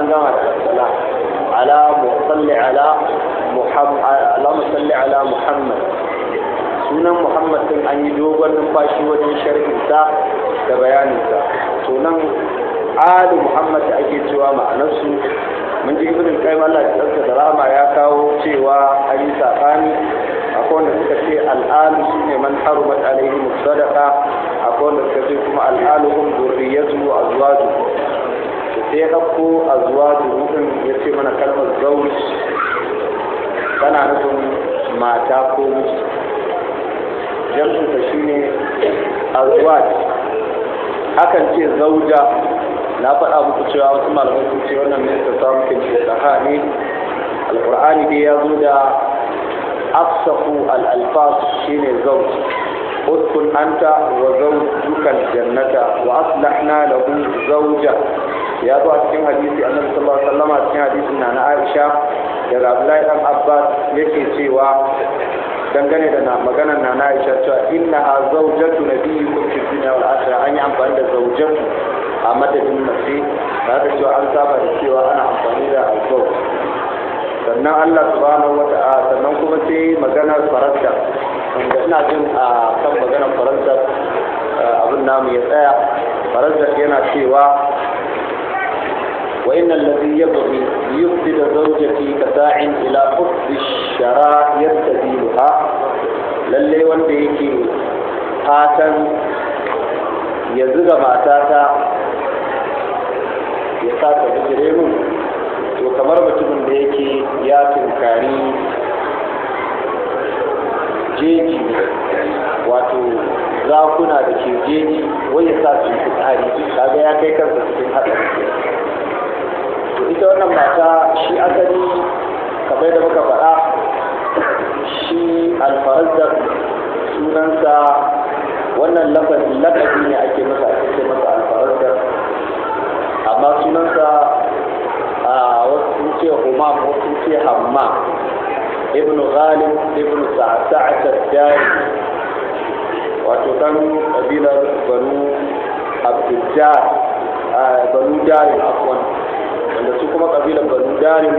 الناس نعم على صل على محمد اللهم صل على محمد sunan muhammad din an yi dogon numfashi wajen sharhinsa da bayaninsa sunan ali muhammad da ake cewa ma'anarsu mun ji ibn qayyim Allah ya tsaka da rama ya kawo cewa an yi sakani akwai wanda suka ce al'alu shine man harumat alaihi musadaqa akwai wanda suka ce kuma al'aluhum zurriyatu azwajuhum sai ɗauko a zuwa ɗin ya ce mana kalmar zauj tana nufin mata ko miji jamsinsa shi ne a zuwa akan ce zauja na faɗa muku cewa wasu malamai sun ce wannan ne ta samu kinci da ne alƙur'ani dai ya zo da afsahu al-alfas shine zauj اسكن أنت وزوجك الجنة وأصلحنا له زوجة ya zo a cikin hadisi annabi sallallahu alaihi wasallam a cikin hadisin na na Aisha daga Abdullahi dan Abbas yake cewa dangane da na magana na na Aisha cewa inna azwajatu nabiyyikum fi dunya wal akhirah an yi amfani da zawjatu a madadin mace ba da cewa an saba da cewa ana amfani da alzau sannan Allah subhanahu wa ta'ala sannan kuma sai maganar faranta wanda ina jin a kan maganar faranta abin namu ya tsaya faranta yana cewa وإن الذي يبغي ليفسد زوجتي كساع إلى حب الشراء يبتذلها للي وندهيكي هاتا يزغ ما تاتا يساتا بجريم وكمر بتمن دهيكي ياتن كاري جيجي واتو zakuna da ke jeji wai sa su fitsari kaga ya kai kansa cikin haɗari ita wannan mata shi asali kamar da muka faɗa shi alfahazzar sunansa wannan lafazi lafazi ne ake masa ake masa alfahazzar amma sunansa a wasu ce humam wasu ce hamma ibn ghalib ibn sa'sa'at ad-dari wato kan kabilar banu abdul banu dari afwan wanda su kuma kabilar banu darin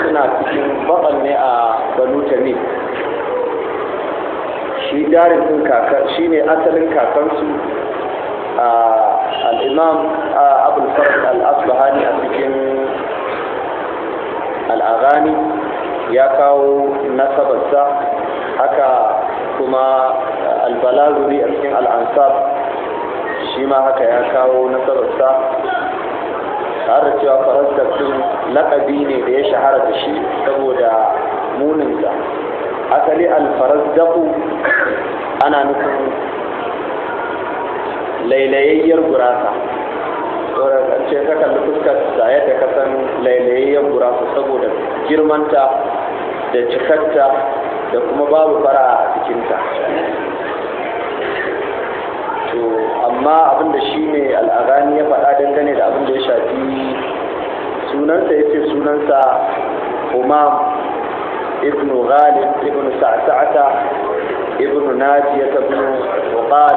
suna cikin bakal ne a banu tamim shi darin din kaka shi ne asalin kakansu a al'imam abul farad al'asbahani a cikin al'agani ya kawo nasabarsa haka kuma albalazuri a cikin al'ansar shi ma haka ya kawo nasabarsa har da cewa faransa sun lakabi ne da ya shahara da shi saboda muninsa asali alfarazdaku ana nufin lailayayyar gurasa ce ta kalli fuskar ta yadda ka san lailayayyar gurasa saboda girmanta da cikarta da kuma babu fara a cikinta amma abin da shi ne al'agani ya faɗa dangane da abin da ya shafi sunansa ya ce sunansa umam ibn ghalib ibn sa'sa'ata ibn Nadiya, ibn uqal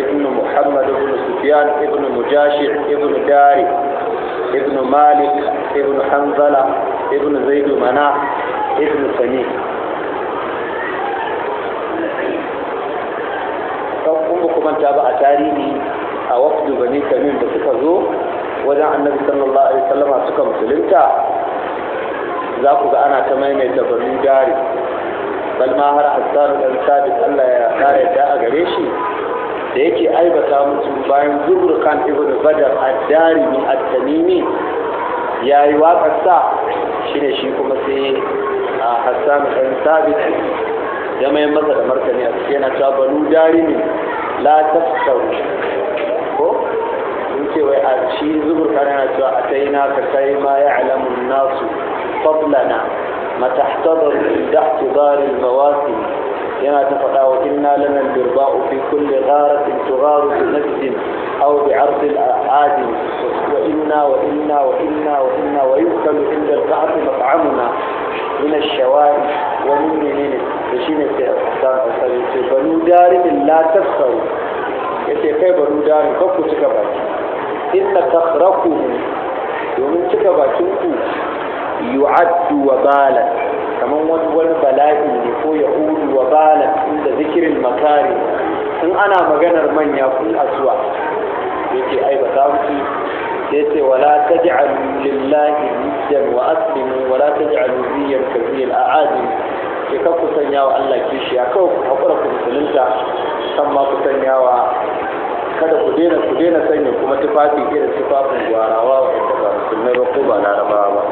ibn muhammad ibn sufyan ibn mujashi ibn dari ibn malik ibn hanzala ibn zaid mana ibn sami muku manta ba a tarihi a wafdu bani tamim da suka zo wajen annabi sallallahu alaihi wasallam suka musulunta za ku ga ana ta maimaita banu dari bal ma har hassan dan sabit Allah ya kare da a gare shi da yake aibata musu bayan zubur kan ibn badar ad-darimi at-tamimi yayi waƙar sa shine shi kuma sai a hassan dan sabit ya mai masa da martani a cikin yana ta banu لا تستوي انت وعشي زبر قرنة اتينا كي ما يعلم الناس فضلنا ما تحتضر عند احتضار المواسم ينات فقاو إنا لنا البرضاء في كل غارة تغار في أو بعرض الأعاد وإنا وإنا وإنا وإنا ويؤكل عند القعر مطعمنا من الشوائب ومن من تشين في أحسان أصدقائي فبنو دار لا تفسر يتفي إيه بنو دار كفو تكبات إن تخرقهم ومن تكبات يعد وبالت kamar wani wani bala'i ne ko ya hudu wa bala inda zikirin makari in ana maganar manya kun asuwa yake ai ba sauki sai ce wala taj'alu lillahi niddan wa aslimu wala taj'alu ziyyan kabiyal a'adim ke kan ku sanya wa Allah kishiya kawai ku haƙura ku musulunta kan ma ku sanya wa kada ku daina ku daina sanya kuma tufafi irin tufafin gwarawa wa ba musulmai ba ko ba larabawa ba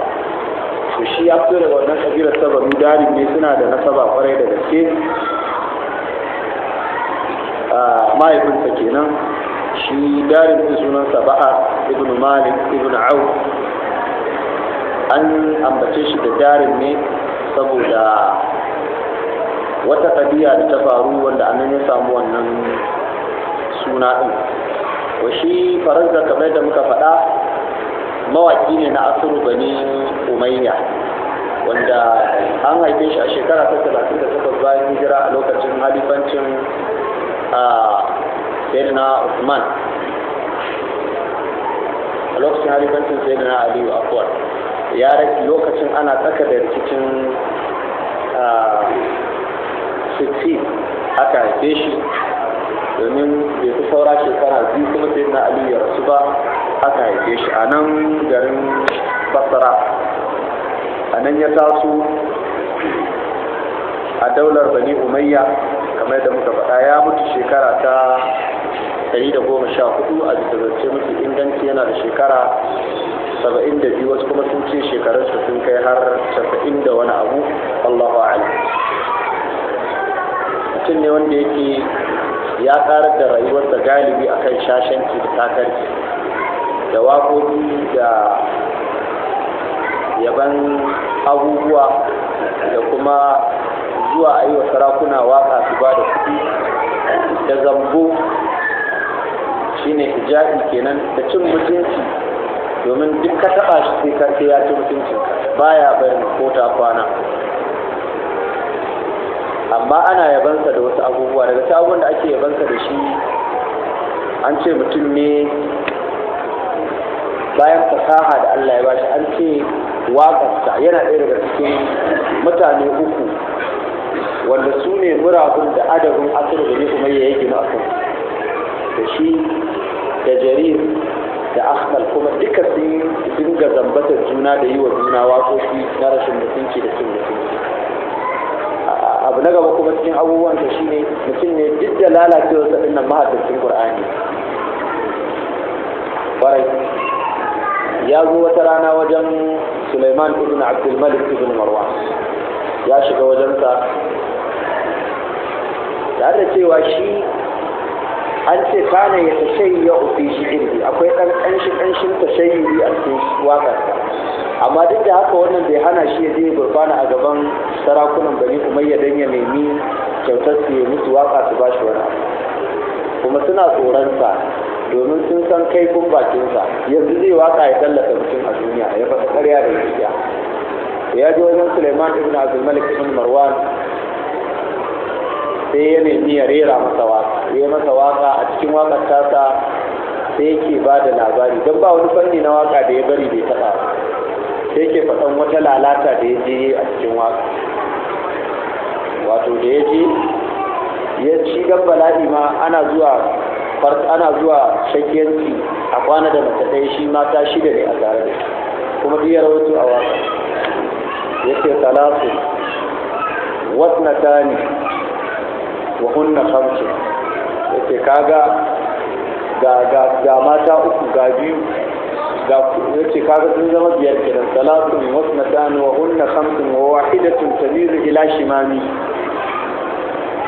to shi ya fito daga wannan kabilar ta banu ne suna da nasaba kwarai da gaske ah, mahaifinsa kenan shi darin din sunan saba'a ibn malik ibn au an ambace shi da darin ne saboda wata kabiya da ta faru wanda anan ya samu wannan suna din wa shi faransa kamar da muka faɗa mawaki ne na asiru bani umayya wanda an haife shi a shekara ta talatin da takwas bayan hijira a lokacin halifancin sayyidina usman a lokacin halifancin sayyidina aliyu akwar ya lokacin ana tsaka da rikicin sittin aka haife shi domin bai fi saura shekara biyu kuma sayyidina na aliyu ya rasu ba aka haife shi a nan garin basara a nan ya taso a daular bani umayya kamar da muka faɗa ya mutu shekara ta 114 a bisa zance mafi inganci yana da shekara 72 wasu kuma sun ce su sun kai har 90 da wani abu Allahu a'lam mutum ne wanda yake ya karar da rayuwarsa galibi akan shashanci da takarci da waƙoƙi da yaban abubuwa da kuma zuwa a yi wa sarakuna waƙa su ba da kuɗi da zambo shine hijabi kenan da cin mutunci domin duk ka taɓa shi sai ka ya ci mutuncin baya bari ko ta kwana amma ana yabansa da wasu abubuwa daga ta abubuwan da ake yabansa da shi an ce mutum ne bayan fasaha da Allah ya bashi an ce waƙarsa yana ɗaya daga cikin mutane uku wanda su ne murabun da adabin asiru da ne kuma ya gina akan da shi da jarir da ahmad kuma duka sun dinga zambatar juna da yi wa juna waƙoƙi na rashin mutunci da cin mutunci abu na gaba kuma cikin abubuwan da shi ne mutum ne duk da lalacewa sa ɗin nan mahaddacin ƙur'ani ƙwarai ya zo wata rana wajen Suleiman ibn Abdul Malik ibn Marwan ya shiga wajensa tare da cewa shi an ce kana ya ufi shi shi'iri akwai ɗan ƙanshi ƙanshin yi a cikin wakar amma duk da haka wannan bai hana shi ya je gurbana a gaban sarakunan bani umayya dan ya nemi kyautar su ya mutu waƙa su ba shi wani kuma suna tsoron sa domin sun san kaifin bakinsa yanzu zai waka ya tallata mutum a duniya ya fasa karya da gaskiya ya ji wajen suleiman ibn abdulmalik ibn marwan sai ya nemi ya rera masa waka ya masa waka a cikin wakar tasa sai yake ba da labari don ba wani fanni na waka da ya bari bai taɓa sai yake faɗan wata lalata da ya je a cikin waka wato da ya je ya ci gaba bala'i ma ana zuwa ana zuwa shakiyanci a kwana da mace ɗaya shi mata shida ne a tare da kuma biya rawatu a a ya yake talatu tani wa hunna ya yake kaga ga mata uku ga biyu ga ce kaga sun zama biyar kenan na tani wa hunna khamsun wa wahidatun tamizu ila shimami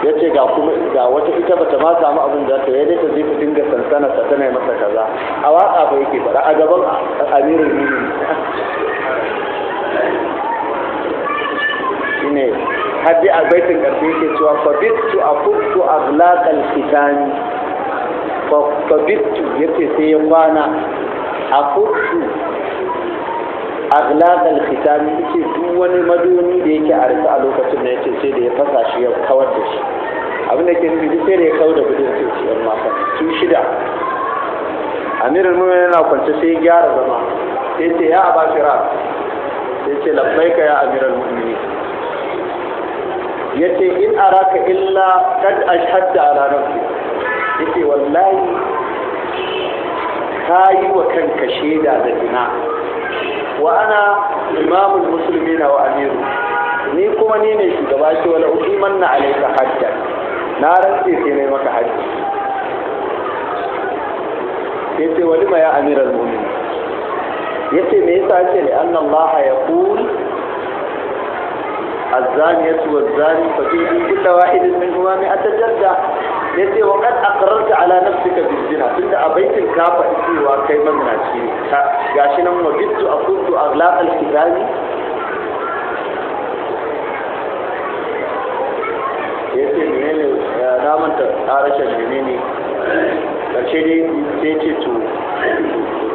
ya ce ga kuma ga wata ita ba ta ma samu abin da ta yi ta zai ta dinga sansana ta tana masa kaza a waka ba yake fara a gaban amirul mini shine har dai a baitin karfe yake cewa fa a akuttu a al fitani fa ya ce sai ya kwana a akuttu aghlaq al-khitam yace duk wani madoni da yake a rasa a lokacin da yace sai da ya fasa shi ya kawar da shi abin da ke nufi duk sai da ya kawar da gudun sai yan mata su shida amirul mu'minin yana kwance sai ya gyara zama sai ce ya aba firar sai ce labbaika ya amirul mu'minin yace in araka illa kad ashhadta ala nafsi yace wallahi ka yi wa kanka shaida da zina wa ana imamul musulmi na wa amiru ni kuma ni ne shugaba ce wala uqiman na alayka hajja na rantse sai ne maka hajji yace wani ma ya amiral Ya ce me yasa yace ne anna allah yaqul الزانية والزاني ففيه كل واحد منهما مئة جلدة yace wa kad aqrarta ala nafsika bizina tunda a baitin ka faɗi cewa kai mazinaci ne gashi nan wa bitu a kuntu aghlaq Ya ce ne ne ya manta arashin menene karshe dai sai ce to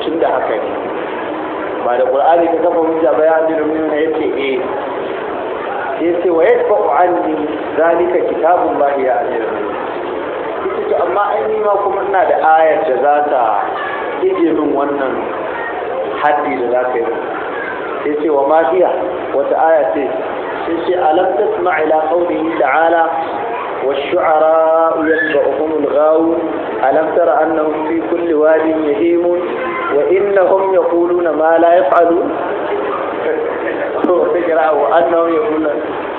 tun da haka ne ba da qur'ani ka kafa hujja ba ya hadin ya ce eh ce wa yadfa'u anni zalika kitabullahi ya ajira to amma ainihi ma kuma ina da ayar da za ta ije min wannan haddi da za ka yi sai ce wa mafiya wata aya ce sai ce alam tasma ila qawlihi ta'ala والشعراء يتبعهم الغاوون wa تر أنهم في كل واد يهيمون وإنهم يقولون ما لا يفعلون وأنهم يقولون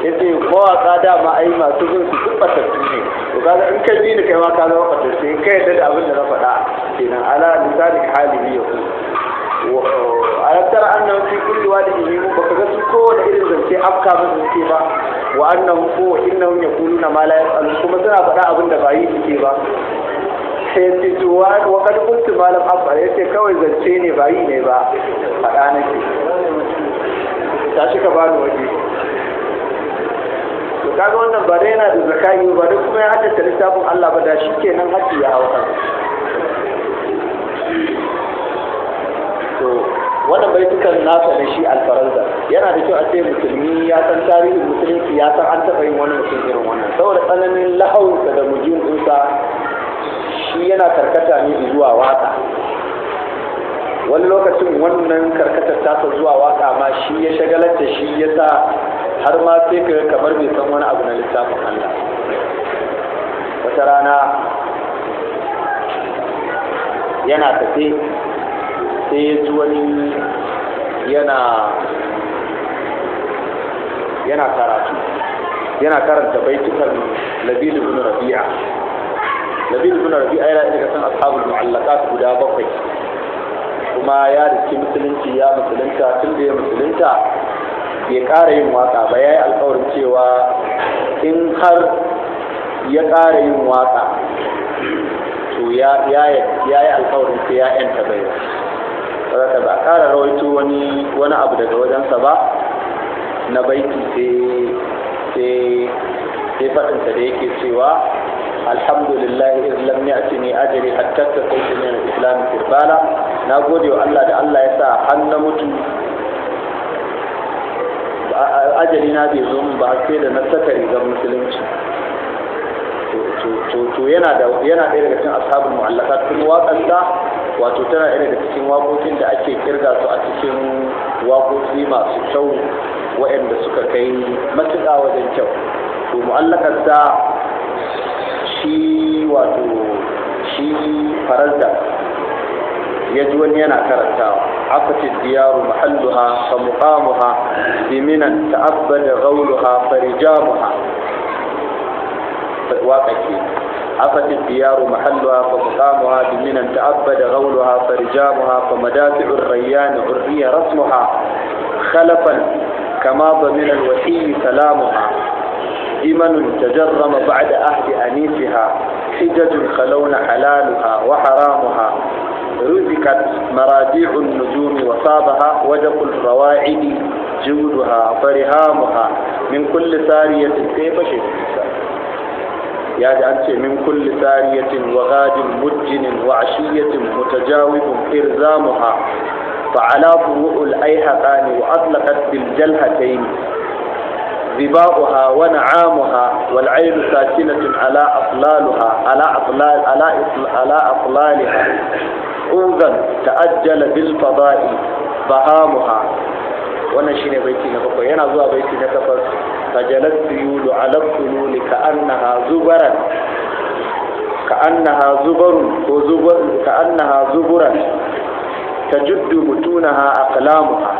yace mawaka dama ai masu bin su duk batattu ne to kaga in ka ji ni kai ma ka zama batattu in kai da abin da na faɗa kenan ala misali halihi ya alam tara annahum fi kulli wadin yahimun baka ga su da irin zance afka su ce ba wa annahum ko innahum yaquluna ma la yaf'alun kuma suna faɗa abin da ba yi suke ba sai ya ce wa wa kad kuntu malam afal ya ce kawai zance ne ba yi ne ba faɗa nake tashi ka bani waje to kaga wannan ba dai yana da zakai ba duk kuma ya haddace littafin Allah ba da shi kenan hakki ya hauka wannan bai nasa da shi alfaransa yana da kyau a ce musulmi ya san tarihin musulunci ya san an taɓa yin wani mutum irin wannan saboda tsananin lahawunsa da mujin ɗinsa shi yana karkata ne zuwa waka wani lokacin wannan karkatar tasa zuwa waka ma shi ya shagalar da shi ya sa har ma sai ka kamar bai san wani abu na littafin Allah wata rana yana tafe sai ya ji wani yana yana karatu yana karanta baitukan labil ibn rabi'a labil ibn rabi'a yana daga san ashabul mu'allaqat guda bakwai kuma ya rike musulunci ya musulunta tun da ya musulunta ya ƙara yin waka ba ya yi alƙawarin cewa in har ya ƙara yin waka to ya yi alƙawarin sai ya yanta bai saboda ba ƙara rawaito wani wani abu daga wajensa ba na baiti sai sai da yake cewa alhamdulillah iz ne ya'tini ajri hatta tasaytu min al-islam kirbala na gode wa Allah da Allah ya sa har na mutu ajali na bai zo min ba sai da na saka rigar musulunci to yana da yana ɗaya daga cikin ashabul mu'allaqat kuma waƙar wato tana ɗaya daga cikin waƙoƙin da ake kirga su a cikin waƙoƙi masu kyau waɗanda suka kai matuƙa wajen kyau to mu'allakarsa shi wato shi faransa ya ji wani yana karantawa عفت الديار محلها فمقامها بمنى تأبد غولها فرجامها عفت الديار محلها فمقامها بمن تأبد غولها فرجامها فمدافع الريان عري رسمها خلفا كما ضمن الوحي سلامها دمن تجرم بعد أهل أنيسها حجج خلون حلالها وحرامها رزقت مراجيع النجوم وصابها وجب الرواعد جودها فرهامها من كل سارية كيف شئت يا ji من كل ثانية وغاد مجن وعشية متجاوب إرزامها فعلى ضوء الأيهقان وأطلقت بالجلهتين ذباؤها ونعامها والعين ساكنة على أطلالها على أطلال على على أطلالها أوذا تأجل بالفضاء بهامها wannan shine baiti na bakwai yana zuwa baiti na takwas fajalat yulu ala kululi ka annaha zubaran ka annaha zubarun ko zubar ka annaha zuburan tajuddu butunaha aqlamuha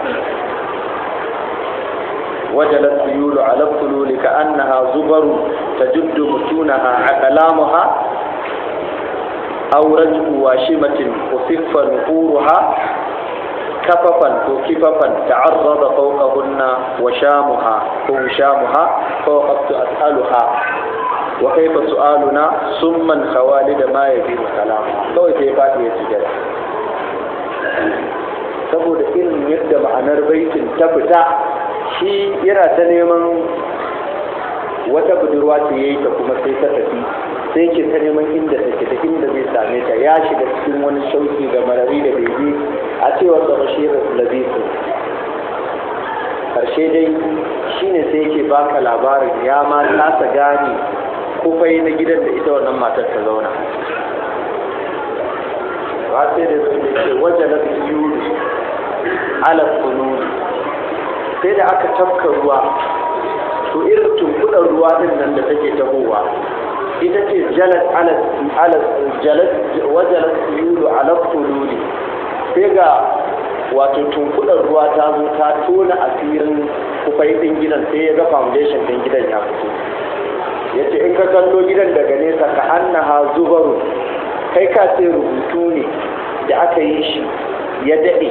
وجلت سيول على الطلول كأنها زبر تجد بطونها عقلامها أو رجع واشمة وصف نفورها kafafan ko kifafan da an raba kaukahunna wa shamuha ko shamuha ko kaftu as'aluha wa kaifa su'aluna summan da ma yafi salam kawai sai fadi ya cigaba saboda irin yadda ma'anar baitin ta fita shi yana ta neman wata budurwa ce yi ta kuma sai ta tafi sai ke ta neman inda take ta inda zai same ta ya shiga cikin wani shauki ga marari da bege a cewar da bashir labisu karshe dai shine sai ke baka labarin ya ma ta gane kufai na gidan da ita wannan matar ta zauna ba sai da ce wajen na ala sai da aka tafka ruwa to irin tumbuɗar ruwa din nan da take tahowa ita ce jalat alas alas jalat wajalat yulu ala tululi sai ga wato tumbuɗar ruwa ta zo ta tona asirin kufai ɗin gidan sai ya ga foundation din gidan ya fito yace in ka kallo gidan daga nesa ka annaha zubaru kai ka ce rubutu ne da aka yi shi ya daɗe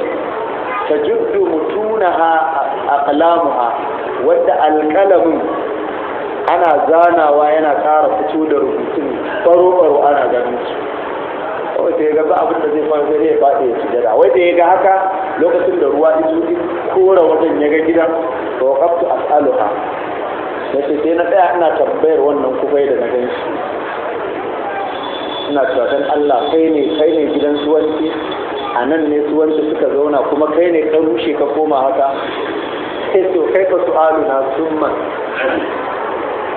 ta juddu mutunaha aqlamuha wadda alƙalamin ana zanawa yana ƙara fito da rubutun baro-baro ana ganin su wadda ya ga abinda zai fara zai ya faɗi ya sujada wai da ya ga haka lokacin da ruwa zuɗi kora wajen ya ga gidan to waqaftu as'aluha nace sai na tsaya ina tambayar wannan kufai da na gan shi ina tsakan Allah kai ne kai ne gidan suwanci a nan ne suwanci suka zauna kuma kai ne ka rushe ka koma haka sai to kai su su'alu na summa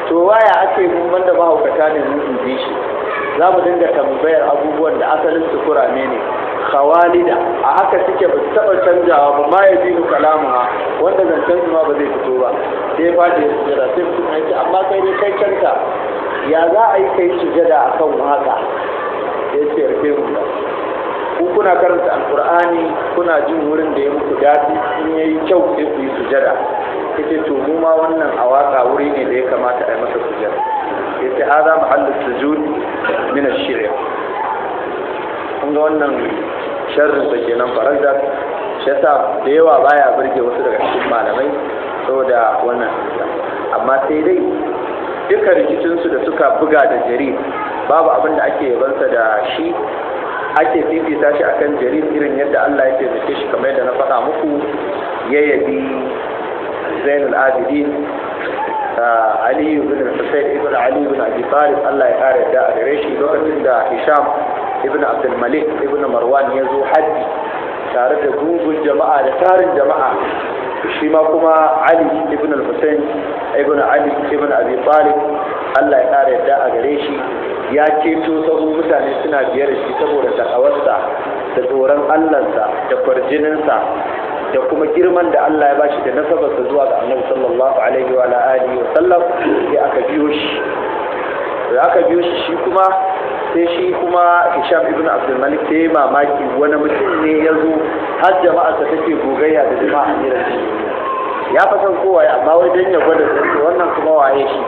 to waya ake mun wanda mahaukata ne mun in shi za mu dinga tambayar abubuwan da asalin su kurame ne khawalida a haka suke ba su taɓa canjawa ba ma ya dinu kalamuha wanda zancen su ma ba zai fito ba sai ya da sujada sai su ya amma kai ne kai canta ya za a yi kai sujada a kan haka ya ce rufe mu kuna karanta alkur'ani kuna jin wurin da ya muku daɗi in ya yi kyau sai ku yi sujada yace to mu ma wannan a waka wuri ne da ya kamata a yi masa sujada yace hada mahallu sujud min ash-shirk kun ga wannan sharrin da kenan faranda shi yasa da yawa baya burge wasu daga cikin malamai saboda wannan amma sai dai duka rikicinsu da suka buga da jari babu abin da ake yabansa da shi ake fifita shi akan jarir irin yadda Allah ya zuke shi kamar yadda na faɗa muku ya yabi Zainul Abidin Ali ibn Husayn ibn Ali ibn Abi Talib Allah ya kare da gare shi lokacin da Hisham ibn Abdul Malik ibn Marwan ya zo haji tare da gungun jama'a da tarin jama'a shi ma kuma Ali ibn Husayn ibn Ali ibn Abi Talib Allah ya ƙara yadda a gare shi ya ceto sabon mutane suna biyar da shi saboda takawarsa da tsoron Allahnsa da farjininsa da kuma girman da Allah ya bashi da nasabarsa zuwa ga Annabi sallallahu alaihi wa alihi wa sallam sai aka biyo shi da aka biyo shi shi kuma sai shi kuma Hisham ibn Abdul Malik sai mamaki wani mutum ne ya zo har jama'arsa take gogayya da jama'a ne ya fasan ya amma wai dan ya gwada wannan kuma waye shi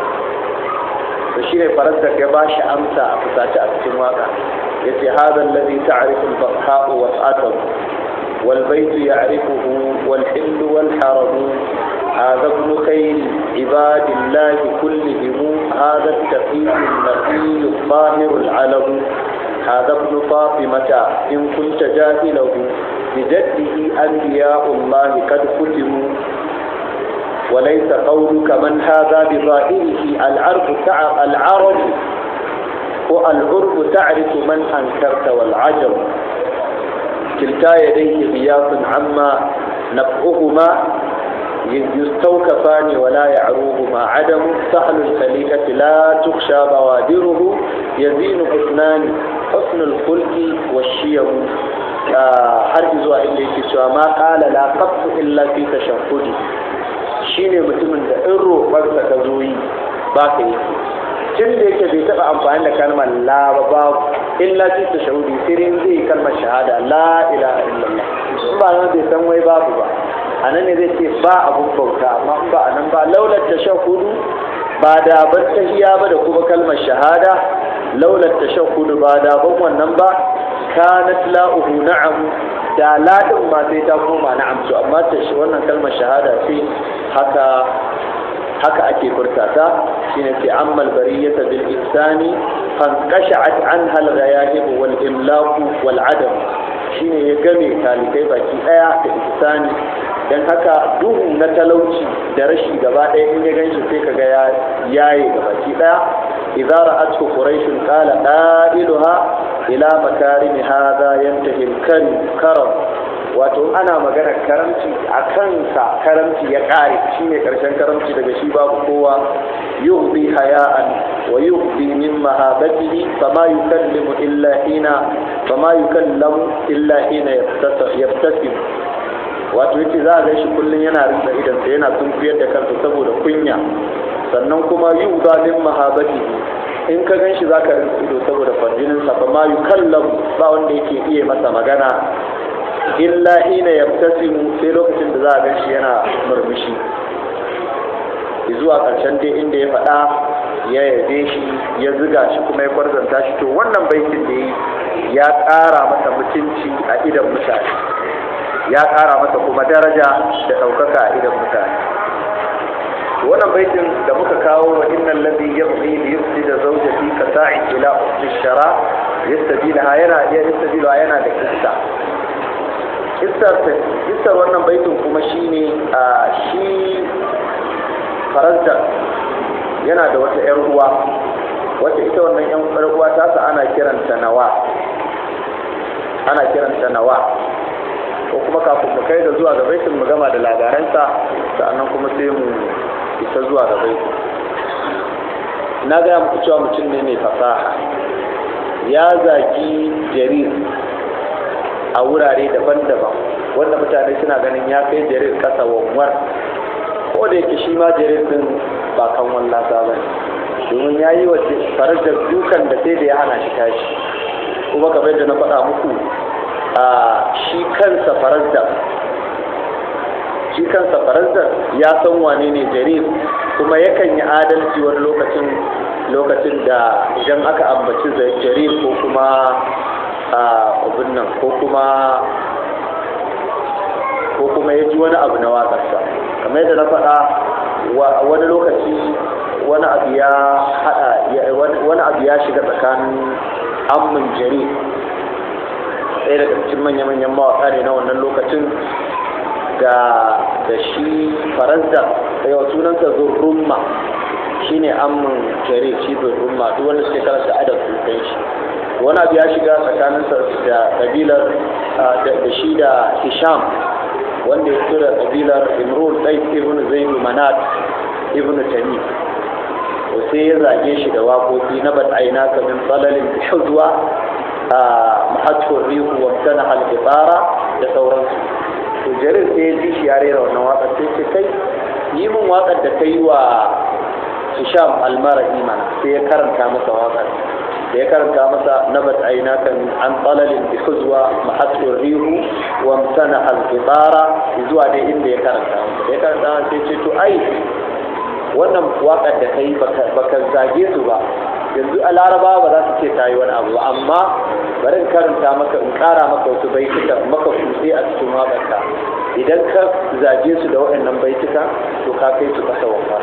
to shi ne faransa ya ba shi amsa a fusace a cikin waka والبيت يعرفه والحل والحرم هذا ابن خيل عباد الله كلهم هذا التقي النقي الظاهر العلم هذا ابن فاطمة إن كنت جاهله بجده أنبياء الله قد ختموا وليس قولك من هذا بظاهره العرب العرب والعرب تعرف من أنكرت والعجب كلتا يديه غياث عما نفعهما يستوكفان ولا يعروهما عدم سهل الخليقة لا تخشى بوادره يزين حسنان حسن الخلق والشيم har آه، وإليك سوى ما قال لا kala إلا في illa shine mutumin da in roƙarsa ka zo yi ba ka yi tun da yake bai taɓa amfani da kalmar la ba ba illa fi ta shahudi sai dai zai kalmar shahada la ilaha illallah in ba nan bai san wai babu ba a nan ne zai ce ba abun bauta amma in ba a nan ba laulat ta shahudu ba da ban tahiya ba da kuma kalmar shahada laulat ta shahudu ba da ban wannan ba kanat la'uhu na'am da ladin ma sai ta koma na amsu amma ta shi wannan kalmar shahada ce haka haka ake furta ta shine fi ammal bariyata bil insani fan qasha'at anha al ghayahib wal imlaq wal adam shine ya game talikai baki daya da insani dan haka duhu na talauci da rashi gaba daya in ya ganshi sai kaga ya yaye gaba ki daya idza kala quraish qala qa'iluha ila makarimi hadha yantahi kan karam wato ana magana karamci a kansa karamci ya kare ne karshen karamci daga shi babu kowa yughdi haya'an wa yughdi min mahabatihi fama yukallimu illa hina fama yukallamu illa hina yabtasim wato yake za a ga shi kullum yana rinsa idan yana sunkuyar da kansa saboda kunya sannan kuma yi ubalin mahabati in ka gan shi za ka ido saboda sa fa ma yi kallon ba wanda yake iya masa magana illa hina ya sai lokacin da za a gan shi yana murmushi zuwa ƙarshen dai inda ya faɗa ya yabe shi ya ziga shi kuma ya kwarzanta shi to wannan baitin da ya ƙara masa mutunci a idan mutane ya ƙara masa kuma daraja da ɗaukaka a idan mutane wannan baitin da muka kawo wa innal ladhi yabghi li yufsida zawjati ka sa'i ila ukhti shara yastadila yana ya yastadila yana da kissa kissa wannan baitin kuma shine a shi faranta yana da wata yar uwa wata ita wannan yan yar uwa ta sa ana kiranta nawa ana kiranta nawa ko kuma kafin mu kai da zuwa ga baitin mu gama da labaransa sa'annan kuma sai mu ita zuwa ga na gaya muku cewa mutum ne mai fasaha ya zagi jarir a wurare daban-daban wanda mutane suna ganin ya kai jarir kasa wanwar ko da yake shi ma jarir din ba kan wallah ba ne domin ya yi wa farar da dukan da sai da ya hana shi tashi kuma kamar da na faɗa muku a shi kansa farar da shi kansa farazdar ya san wane ne jarir kuma yakan yi adalci wani lokacin lokacin da idan aka ambaci jarir ko kuma abin nan ko kuma ko kuma ya ji wani abu na wakarsa kamar yadda na faɗa wani lokaci wani abu ya haɗa wani abu ya shiga tsakanin amman jarir ɗaya daga cikin manya-manyan mawaƙa ne na wannan lokacin da da shi faransa yawa sunansa zurrumma shi ne amin jare shi zurrumma duk wanda suke karanta adab sun shi wani abu ya shiga tsakaninsa da kabilar da shi da hisham wanda ya fito da kabilar imrul ɗai ibn zainu manat ibn Tani, to sai ya zage shi da waƙoƙi na bataina kamin ka min tsalalin a mahatkun rihu wa sana da sauransu to jarir sai ya ji shi ya rera wannan waƙar sai ce kai yi min waƙar da ta yi wa hisham almara imana. sai ya karanta masa waƙar da ya karanta masa nabat ainaka kan an talalin bi khuzwa mahaqqur rihu wa mtana al zuwa dai inda ya karanta masa da ya karanta sai ce to ai wannan waƙar da yi baka zage su ba yanzu a laraba ba za su ce ta yi wani abu amma bari in karanta maka in kara maka wasu baituka maka kutse a cikin waƙarka idan ka zaje su da waɗannan baituka to ka kai su ƙasa wanka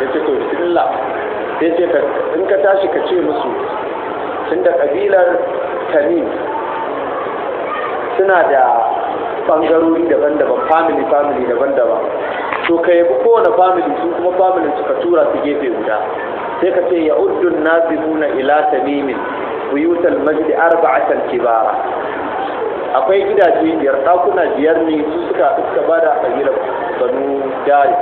yace ce to bismillah sai ce in ka tashi ka ce musu tun da ƙabilar tamim suna da ɓangarori daban-daban family family daban-daban to ka yabi kowane family su kuma family suka tura su gefe guda sai ka ce ya uddun na ila tamimin بيوت المجد أربعة kibara akwai gidaje biyar ɗakuna biyar ne su suka suka bada a banu dari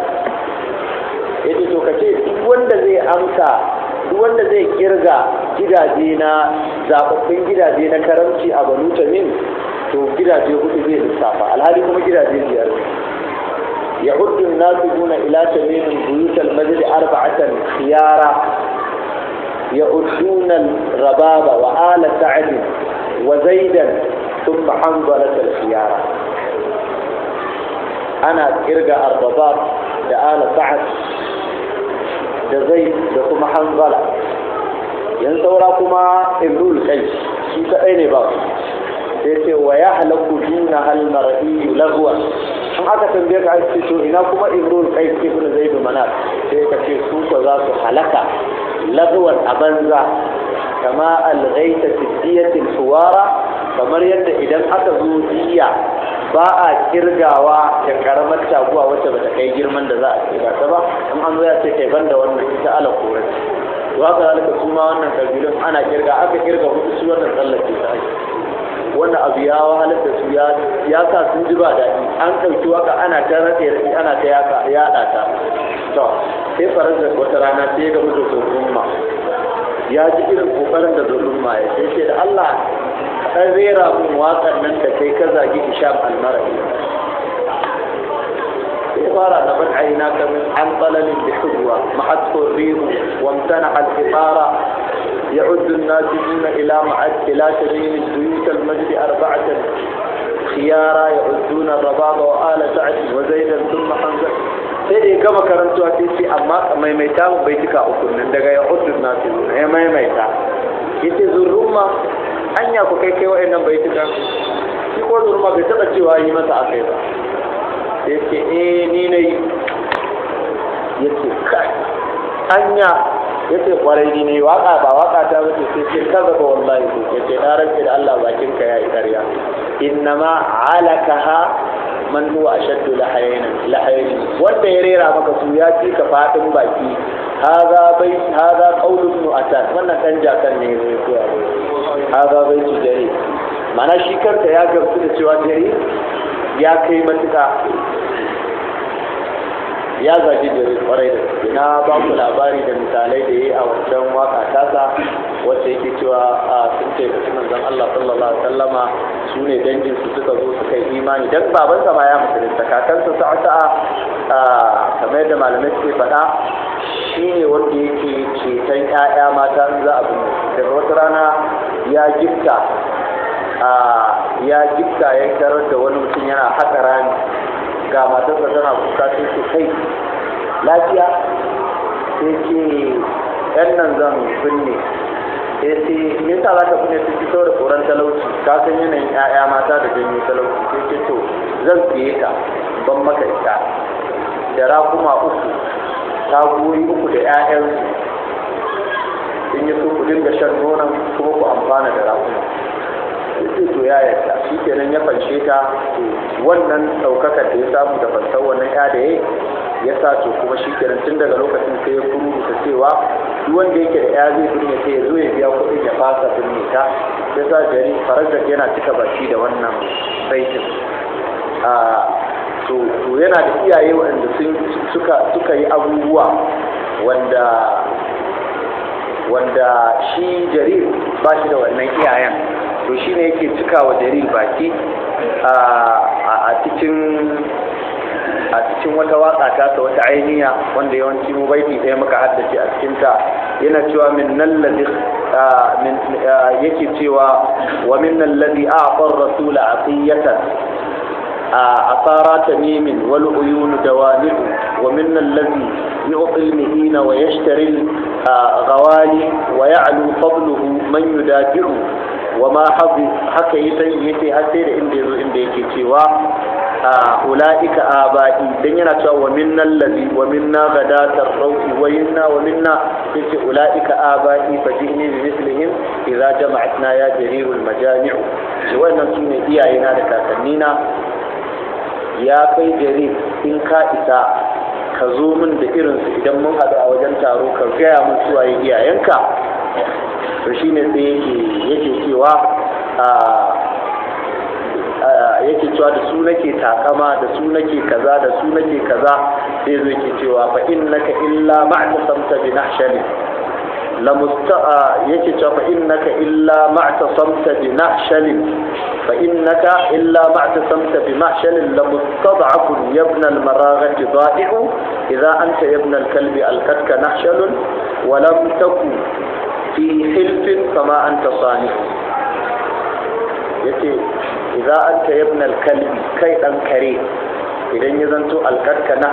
yace to duk wanda zai amsa duk wanda zai kirga gidaje na gidaje na karamci a banuta tamim to gidaje hudu zai lissafa alhali kuma gidaje biyar يعد الناس دون إلى تميم بيوت المسجد أربعة خيارا يؤدون الرباب وآل سعد وزيدا ثم حنظلة الخيار أنا إرجع الرباب لآل سعد لزيد ثم حنظلة ينصر لكما ابن الخيش في سأين باب ويحلق دونها المرئي لغوا ما هذا كان بيقع السيطو هناكما ابن الخيش كيف نزيد مناك سيكا في سوط ذات حلقة lagwar a banza kama alghaita fidiyatil huwara kamar yadda idan aka zo diya ba a kirgawa da karamar taguwa wacce bata kai girman da za a kirga ta ba in an zo ya ce kai banda wannan ita ala korar wa ka su ma wannan kabilun ana kirga aka kirga hudu su wannan tsallake ta ake wannan abu ya wahalar da su ya sa sun ji ba daɗi an ɗauki waka ana ta ratse rafi ana ta yaka yaɗa ta to sai farar da wata rana sai ga mutu zurfin ya ji irin kokarin da zurfin ma ya sai ce da Allah ɗan rera mun waƙar nan da kai ka zagi Hisham Almara'i aina لقد an من عن طلل بحجوة محت الريم وامتنع الإثارة يعد الناسبون إلى معد إلى تميم البيوت المجد أربعة خيارا يعدون الرباب وآل سعد وزيدا ثم حمزة sai da ya gama karantuwa sai ce amma maimaita mu bai tuka uku daga ya uddun nasu ya maimaita yace zurrumma hanya ku kai kai wa'annan bai tuka ko zurma bai taɓa cewa yi masa akai ba sai ce eh ni nayi yace kai hanya ya ce kwarai ne waka ba waka ta wuce sai ce kaza ba wallahi ya ce na rantsi da Allah bakin ka ya yi ƙarya innama alakaha man huwa ashaddu lahayna lahayni wanda ya rera maka su ya ci ka fadin baki haza bai haza qaulun nu'atan wannan dan jakan ne ne ko haza bai ci dare. mana shi karta ya gamsu da cewa dare ya kai matuka ya da rai kwarai da su na ba ku labari da misalai da ya yi a wancan waka tasa wacce yake cewa a sun ce da sunan zan Allah sallallahu alaihi wasallama su ne dangin su suka zo suka yi imani dan babansa ma ya musulunta kakansa sa'a sa'a kamar yadda malamai suke faɗa shi ne wanda yake ceton 'ya'ya mata za a bin daga wata rana ya gifta ya gifta ya tarar da wani mutum yana haƙa rami ga matarsa tana kuka sai su kai lafiya sai ce yan nan zan binne sai ce me yasa zaka binne sai ce saboda koran talauci ka san yanayin 'ya'ya mata da janyo talauci sai ce to zan siye ta ban maka ita da rakuma uku ta goyi uku da 'ya'yansu in yi so ku dinga shan nonon kuma ku amfana da rakuma ce to ya yarda shi kenan ya fanshe ta wannan saukakar da ya samu da fansar wannan ya da ya ya sa to kuma shi kenan tun daga lokacin sai ya kuruta cewa duk wanda yake da ya zai binne sai ya zo ya biya kuɗin ya fasa binne ta ya sa jari farazar yana cika baki da wannan saitin to yana da iyaye waɗanda suka yi abubuwa wanda wanda shi jarir ba shi da wannan iyayen to ne yake cikawa wa jaril baki a cikin a cikin wata waka ta ta wata ainiya wanda yawanci mu baiti ɗaya muka haddace a cikin ta yana cewa min nalladhi min yake cewa wa min nan nalladhi a'ta ar-rasula wa min nan والعيون دوامع ومنا الذي يعطي المهين ويشتري الغوالي ويعلو فضله من يدافع wa ma haka yi ta yi ta har sai da inda yazo inda yake cewa ula'ika aba'i dan yana cewa wa nan allazi wa minna gadatar rauki wa yinna wa minna yace ula'ika aba'i fa jini bi idan idza na ya jarirul majami'u shi wannan sune iyayena da kakannina ya kai jarir in ka isa ka zo min da irinsu idan mun haɗu a wajen taro ka gaya mun suwaye iyayenka to shine sai yake cewa yake cewa da su nake takama da su nake kaza da su nake kaza sai zo yake cewa fa innaka illa ma'tasamta bi nahshani la musta'a yake cewa fa innaka illa ma'tasamta bi nahshani fa innaka illa ma'tasamta bi nahshani la mustad'afun yabna al maraghati dha'i'u idha anta yabna al kalbi al katka nahshalun wa lam taku fi hilfin kama an ta sani ya ce za an ta yabin kalbi kai ɗan kare idan ya zanto alkarka na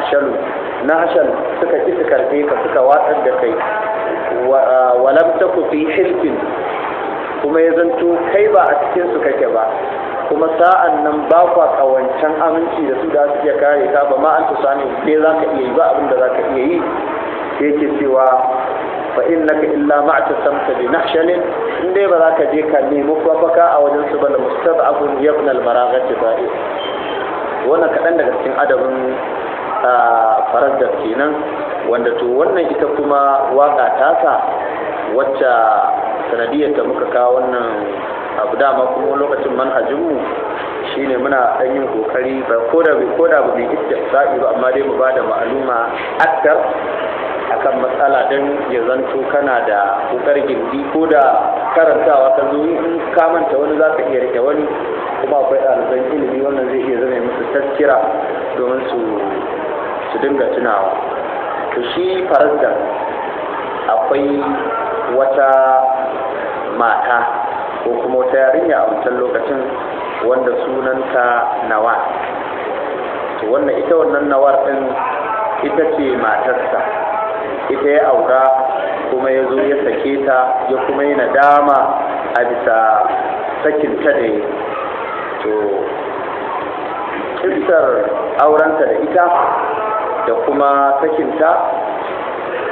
nahshal suka ki su karɓe ka suka watsar da kai walabta ku fi hilfin kuma ya zanto kai ba a cikin su kake ba kuma sa'an nan ba kwa kawancan aminci da su da su iya kare ka ba ma an ta sani sai za ka iya yi ba abin da za ka iya yi sai ke cewa fa innaka illa ma tasamta bi nahshalin in dai ba za ka je ka nemi mafaka a wajen su bala mustad'abun yabn al maraghati ba'i wannan kaɗan daga cikin adabin farar da kenan wanda to wannan ita kuma waka tasa wacce sanadiyyar ta muka kawo wannan abu dama kuma lokacin manhajinmu shine muna ɗan yin kokari ba ko da ko da ba mu ba amma dai mu bada ma'aluma akkar akan matsala don ya zanto kana da wukar gindi ko da karantawa ka zo in ka manta wani za ka iya rike wani kuma akwai ɗaliban ilimi wannan zai iya zama musu taskira domin su su dinga tunawa to shi faransa akwai wata mata ko kuma wata yarinya a wancan lokacin wanda sunanta nawa to wannan ita wannan nawar din ita ce matarsa ita ya aura kuma ya zo ya sake ta ya kuma yi nadama a bisa sakin ta da to kistar aurenta da ita da kuma sakinta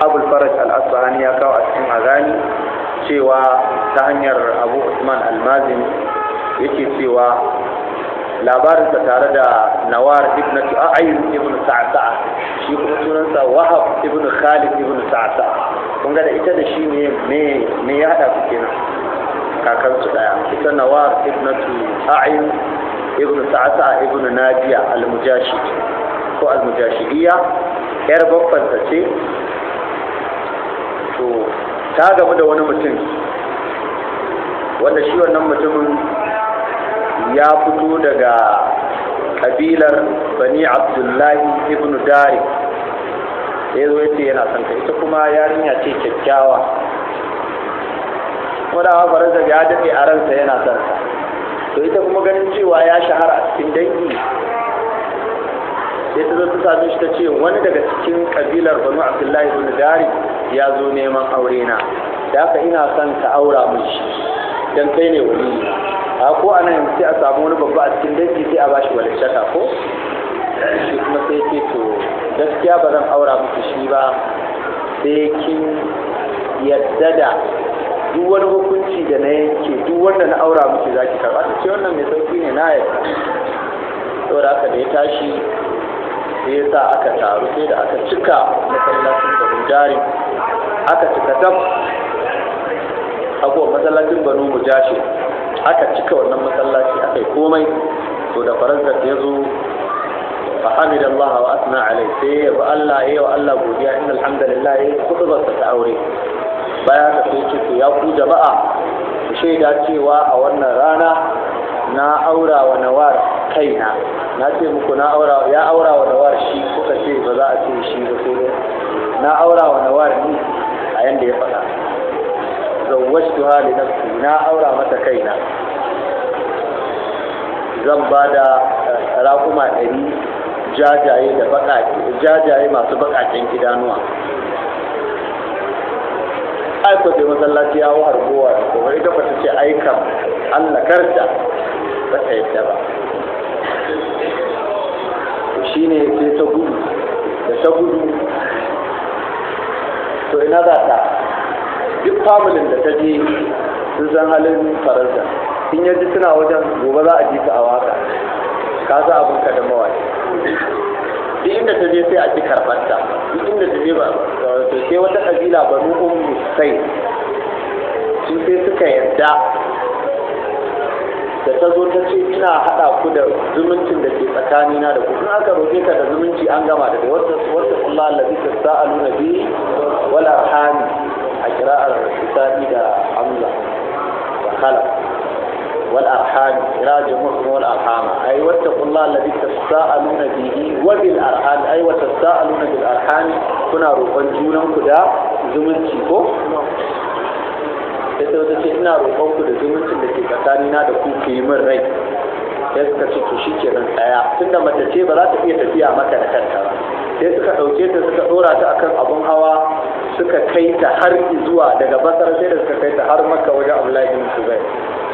abul faraj al-asbahani ya kawo a cikin azani cewa ta hanyar abu usman almazin yake cewa labarinsa tare da nawar ibn tu'ayyun ibn sa'sa'a shi kuma sunansa wahab ibn khalid ibn sa'sa'a kun ga da ita da shi ne me me ya hada su kenan kakansu daya ita nawar ibn tu'ayyun ibn sa'sa'a ibn Nadia, al-mujashid ko al-mujashidiyya yar ta ce to ta gabu da wani mutum wanda shi wannan mutumin ya fito daga kabilar bani abdullahi ibn dari ya zo yace yana son ka ita kuma yarinya ce kyakkyawa kuma da faransa ya daɗe a ransa yana son ka to ita kuma ganin cewa ya shahara a cikin dangi sai ta zo ta sami shi ta ce wani daga cikin kabilar Bani abdullahi ibn dari ya zo neman aure na da haka ina son ka aura min shi dan kai ne wani a ko a nan sai a samu wani babba a cikin dangi sai a ba shi wani shaka ko shi kuma sai ce to gaskiya ba zan aura muku shi ba sai kin yadda da duk wani hukunci da na yanke duk wanda na aura muku za ki karɓa ta wannan mai sauki ne na yadda saboda haka da ya tashi sai ya sa aka taru sai da aka cika masallacin da jari aka cika tam abuwa masallacin banu mu jashi aka cika wannan masallaci aka yi komai to da faransa ya zo fa hamid Allah wa asna alai sai ya ba Allah ya wa Allah godiya inna alhamdulillah kudu ba ta aure baya ka sai ce to ya ku jama'a ku shaida cewa a wannan rana na aura wa nawar kaina na ce muku na aura ya aura wa nawar shi kuka ce ba za a ce shi ba sai na aura wa nawar ni a yanda ya faɗa zawwajtuha li nafsi na aura mata kaina zan ba da eh, raƙuma ɗari jajaye da jajaye masu baƙaƙen gidanuwa ai ko sai masallaci ya wahar kowa da kowa ita ba ta ce ai kam Allah karta ba ta yadda ba shi ne sai ta gudu da ta gudu to ina za ta duk familin da ta je sun san halin faransa in yaji ji suna wajen gobe za a ji ka a waka ka za abin ka da mawaƙi duk inda ta je sai a ji karfanta duk inda ta je ba to sai wata kabila banu ummu sai su sai suka yarda da ta zo ta ce ina haɗa ku da zumuncin da ke tsakanina da ku in aka roƙe ka da zumunci an gama da wata wata Allah allazi tasa'aluna biyu wala arhami a kira'ar isa'i da hamza da khala wal arham ira jumhur kuma wal arham ay wattaqullaha alladhi tasaaluna bihi wa bil arham ay wa tasaaluna bil arham kuna roƙon junan ku da zumunci ko sai ta wata ce ina roƙon ku da zumuncin da ke tsakanina da ku ku yi min rai sai suka ce to shi kenan tsaya tunda mace ce ba za ta iya tafiya maka da kanta ba sai suka ɗauke ta suka ɗora ta akan abun hawa suka kai ta har zuwa daga basar sai da suka kai ta har makka wajen abdullahi bin zubair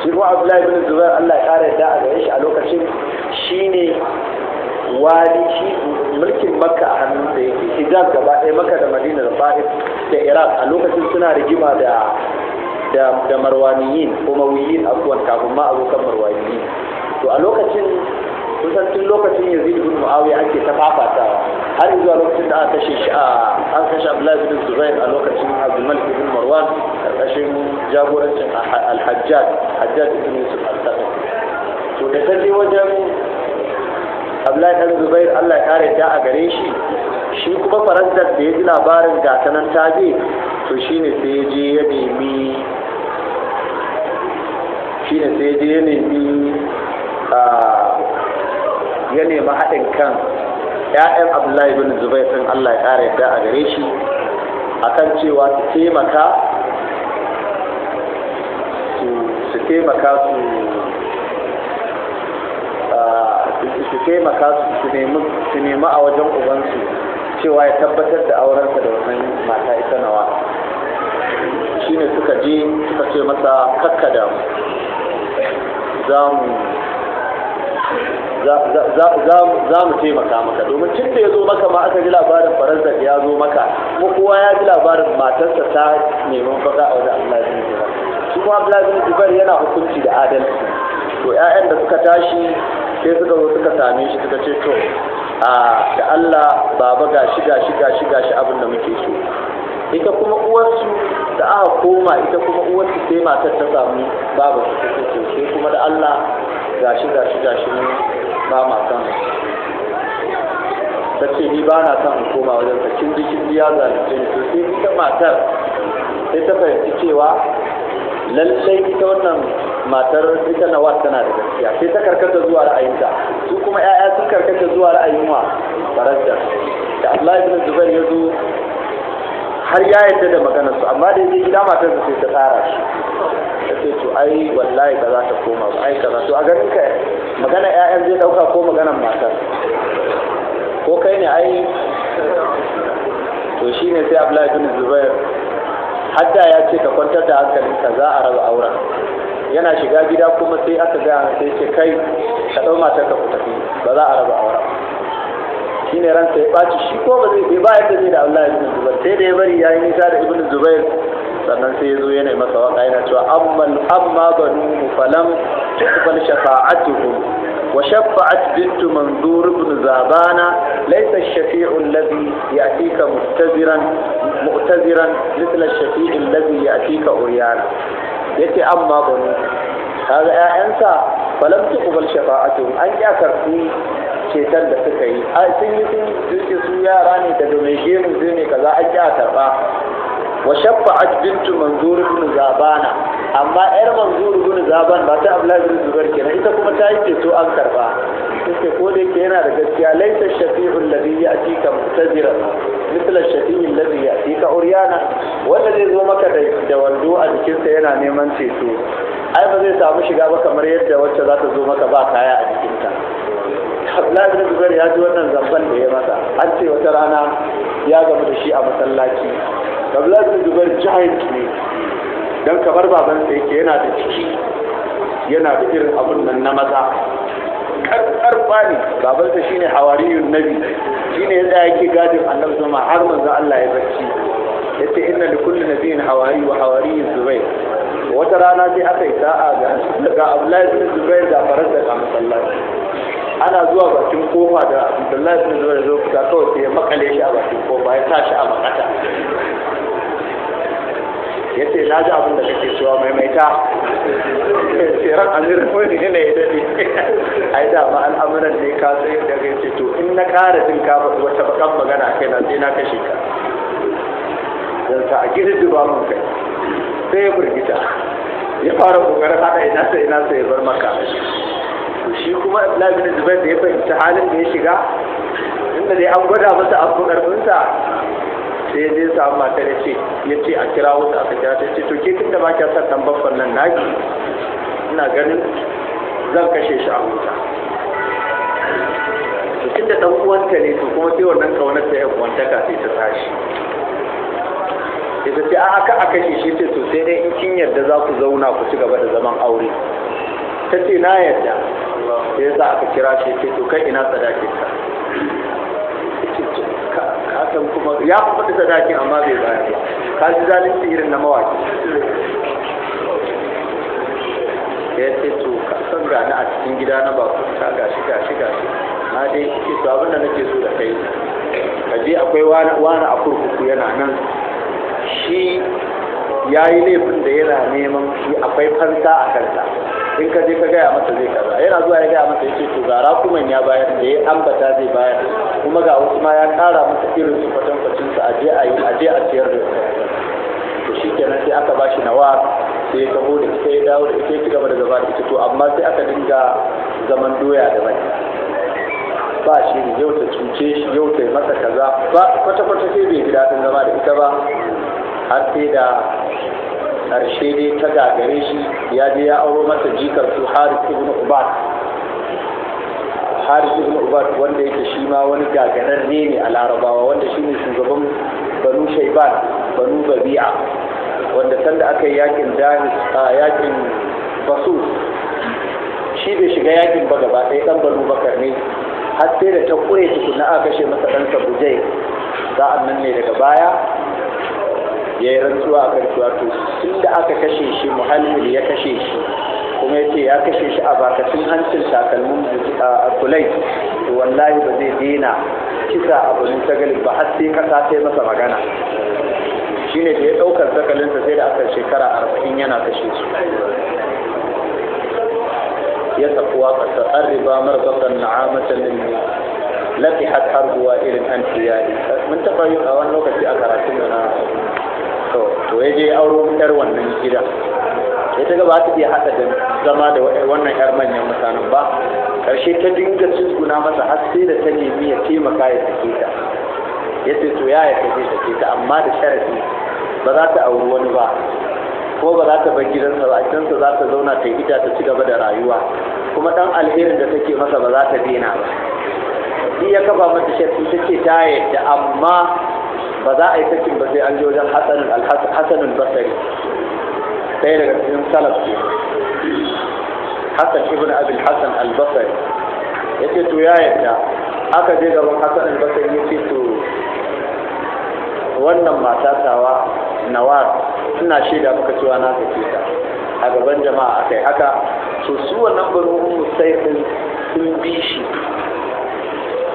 shi kuma abdullahi bin zubair allah ya kara yadda a gare shi a lokacin shine wali shi mulkin makka a hannun da yake hijaz gaba ɗaya makka da madina da fahim da iraq a lokacin suna rigima da da marwaniyin ko mawiyin abubuwan kafin ma abokan marwaniyin to a lokacin kusan tun lokacin yanzu ibn muawiya ake ta fafatawa har zuwa lokacin da aka kashe shi a an kashe Abdullahi bin Zubair a lokacin abu-malki bin Marwan karkashin jagorancin Al-Hajjaj Hajjaj ibn Yusuf al-Sadiq to da sai wajen Abdullahi bin Zubair Allah ya kare ta a gare shi shi kuma farantar da ya ji labarin gatanan taje to shine sai ya je ya nemi shine sai ya je ya nemi ah, ya nemi haɗin kan 'ya'yan abdullahi bin zubair sun allah ya ƙara yadda a gare shi kan cewa su taimaka su taimaka su su taimaka ah, su nemi a wajen ubansu cewa ya tabbatar da aurensa da wannan mata ita nawa shine suka je suka ce masa kakka damu za mu za mu taimaka maka domin cin da ya zo maka ma aka ji labarin faransa ya zo maka kuma kowa ya ji labarin matarsa ta neman faɗa a wajen abdullahi bin zubar Su kuma abdullahi bin zubar yana hukunci da adalci to 'ya'yan da suka tashi sai suka zo suka same shi suka ce to a da allah baba ga shi ga shi abin da muke so ita kuma uwarsu da aka koma ita kuma uwarsu sai matar ta samu babu su kuma da Allah ga gashi gashi shi ne ba ma san ta ce ni ba na san koma wajen ka kin ji ya zalunce ne to sai ita matar sai ta fahimci cewa lallai ita wannan matar ita na wata tana da gaskiya sai ta karkata zuwa ra'ayinta su kuma 'ya'ya sun karkata zuwa ra'ayin wa faransa da Allah ibn Zubair ya zo har ya yadda da magana su amma da yake gida matar sai ta tsara shi ta ce to ai wallahi ba za ta koma ba ai kaza to a ganin ka magana 'ya'yan zai ɗauka ko maganan matar ko kai ne ai to shi ne sai abdullahi bin zubair hadda ya ce ka kwantar da hankalinka za a raba auren yana shiga gida kuma sai aka ga sai ce kai ka ɗau matar ka ku tafi ba za a raba auren shi ne ransa ya ɓaci shi ko ba zai ba yadda zai da abdullahi bin zubair sai da ya bari ya yi nisa da ibn zubair sannan sai ya zo yana masa waka yana cewa amma amma banu falam تقبل شفاعتهم وشفعت بنت منذور بن زابانة ليس الشفيع الذي يأتيك مؤتزرا مؤتزرا مثل الشفيع الذي يأتيك أريانا يتي أما بنو هذا يا أنت فلم تقبل شفاعتهم أن يكرتي cetar da suka yi a sun yi sun duke su yara ne daga mai gemu zai ne kaza an ƙi a karɓa wa shafa'at bintu manzur ibn zabana amma yar manzuru gudu zaban ba ta abla bin zubar kenan ita kuma ta yi ceto an karba take ko da yake yana da gaskiya laita shafi'u alladhi ya'tika mutazira mithla shafi'i alladhi ya'tika uryana wanda zai zo maka da wando a jikinsa yana neman ceto ai ba zai samu shiga ba kamar yadda wacce za ta zo maka ba kaya a jikinta abla bin zubar ya ji wannan zamban da ya masa an ce wata rana ya gamu da shi a masallaci abla bin zubar giant ne don kamar babansa yake yana da ciki yana da irin abun nan na maza bani baban babansa shine hawariyun nabi shine yadda yake gadin annabi zama har manzo Allah ya barci yace inna li kulli nabiyyin hawari wa hawariyun zubair wata rana sai aka yi sa'a ga daga Abdullahi bin Zubair da farar da masallaci ana zuwa bakin kofa da Abdullahi bin Zubair zo fita kawai sai ya makale shi a bakin kofa ya tashi a makata ya ce na ji abin da kake cewa maimaita tseren amirin wani ne ya a yi dama al'amuran ne ka sai da kai ce to in na kara jin ka faɗi wata bakan magana kai na sai na kashe ka don a girgi ba mun kai sai ya burgita ya fara kokarin haɗa ina sai ina sai ya bar maka shi kuma Abdullahi bin Zubair da ya fahimci halin da ya shiga inda dai an gwada masa abu ƙarfinsa sai zai samu mata da ce ya ce a kira wata aka kira ta ce to ke tun da ba kya son dan nan nan naki ina ganin zan kashe shi a wuta to tun da ɗan'uwanta uwanta ne to kuma sai wannan kaunar ta yan uwantaka sai ta tashi ita ce a aka aka shi shi ce to sai dai in kin yarda za ku zauna ku ci gaba da zaman aure ta ce na yarda sai yasa aka kira shi ce to kai ina sadakin ka Hassan kuma ya fi faɗi sadakin amma bai bayar ba ka ji zalunci irin na mawaki ya ce to ka san gani a cikin gida na baku ta gashi gashi gashi na dai ce to abin da nake so da kai ka je akwai wani a kurkuku yana nan shi ya yi laifin da yana neman shi akwai fansa a kansa in ka je ka gaya masa zai kaza yana zuwa ya gaya masa ya ce to ga rakuman ya bayar da ya ambata zai bayar kuma ga wasu ma ya kara masa irin su fatan fatan su aje a yi aje a ciyar da to shi kenan sai aka bashi nawa sai ya taho da ita ya dawo da ita ya ci gaba da gaba da ita to amma sai aka dinga zaman doya da mai ba shi ne yau ta cuce shi yau ta yi masa kaza ba kwata-kwata sai bai ji daɗin zama da ita ba har sai da ƙarshe dai ta gagare shi ya je ya auro masa jikar su haris ibn ubad haris ibn ubad wanda yake shi ma wani gagararre ne a larabawa wanda shi ne shugaban banu shaiban banu babi'a wanda sanda aka yi yakin yakin basu shi bai shiga yakin ba gaba ɗaya ɗan banu bakar ne har sai da ta kure tukuna aka kashe masa ɗansa bujai za'an nan ne daga baya ya yi rantsuwa a kan wato tunda aka kashe shi muhallin ya kashe shi kuma ya ce ya kashe shi a bakacin hancin takalmin a kulai to wallahi ba zai dena kisa a bunin sagalin ba har sai kasa sai masa magana shine da ya ɗaukar sakalinsa sai da aka shekara arba'in yana kashe su ya tafi waƙar ta arriba na amatan lilmi lafi har zuwa irin an tiyari mun taɓa yi a wani lokaci a karatun da na to ya je auro yar wannan gida ya ta gaba ta iya haɗa da zama da wannan yar manyan mutanen ba ƙarshe ta dinga cikuna masa har sai da ta nemi ya taimaka ya sake ta ya ce to ya ya ta sake ta amma da sharafi ba za ta auri wani ba ko ba za ta bar gidansa ba gidansa za ta zauna ta yi ta ci gaba da rayuwa kuma ɗan alherin da take masa ba za ta daina ba shi ya kafa mata sharafi ta ce ta yadda amma ba za a yi sakin ba sai an ji wajen hasanul basari ɗaya daga cikin salaf ne hasan ibn abin hasan al ya ce to ya yadda aka je gaban hasan al-basari ya ce to wannan mata tawa nawar ina shaida maka cewa na sake ta a gaban jama'a akai haka to su wannan barin umm sai sun bi shi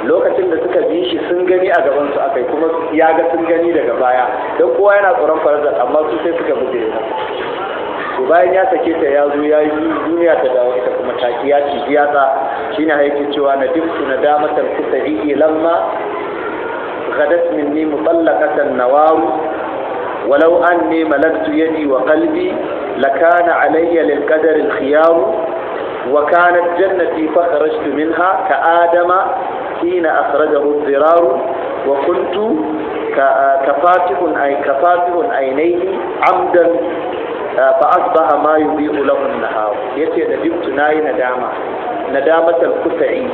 lokacin da suka ji shi sun gani a gaban su akai kuma ya ga sun gani daga baya don kowa yana tsoron farzan amma su sai suka buɗe to bayan ya sake ta ya zo ya yi duniya ta dawo ita kuma ta ya ci ya Shi shine haike cewa na su na damatar kusari lamma gadat minni mutallaqatan nawaru lakana alayya lil qadar al khiyaru wa kanat Jannati fa kharajtu Minha ka Adama. حين أخرجه الضرار وكنت كفاتح أي كفاتح عينيه عمدا فأصبح ما يضيء له النهار يتي ندمت ناي ندامة ندامة الكفعي